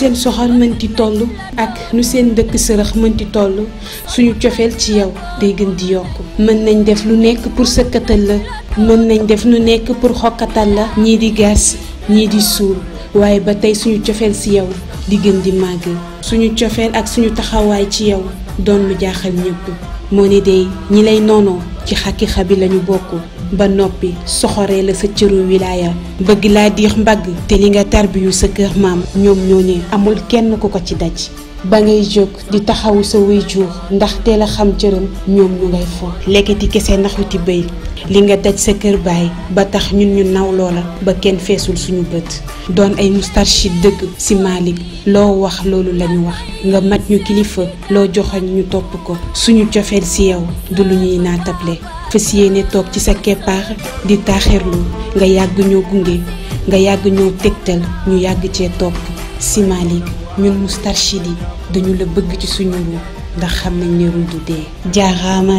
seen soxor mënti toll ak nu seen dëkk sërëx mënti toll suñu cofeel ci yow di gën di yokk mën nañ def lu nekk pour sëkkatal la mën nañ def lu nekk pour xokkatal la ñii di gas ñii di suul waaye ba tey suñu cofeel si yow di gën di màgg suñu cofeel ak suñu taxawaay ci yow doon lu jaaxal ñëpp moo ne day ñi lay noonoo ci xàkki xabi lañu bokk ba noppi soxoree la sa cëru wilaaya bëgg laa diix mbagg te li nga tarbiyu sa kër maam ñoom ñoo ne amul kenn ku ko ci daj ba ngay jóg di taxawu sa waajur ndax teel a xam cëram ñoom ñu ngay fo lekkati kese naxuti béy li nga daj sa kër baay ba tax ñun ñu naw loola ba kenn feesul suñu bët doon ay mustarchid dëgg si Malick loo wax loolu lañu wax nga mat ñu kilifa loo joxoñ ñu topp ko suñu cofeel si yow du lu ñuy naatable fas yéene toog ci sa keppaar di taaxirlu nga yàgg ñoo gunge nga yàgg ñoo tegtal ñu yàgg cee topp si ñun Moustarchid yi dañu la bëgg ci suñu ndax xam nañ ne du dee jaaraama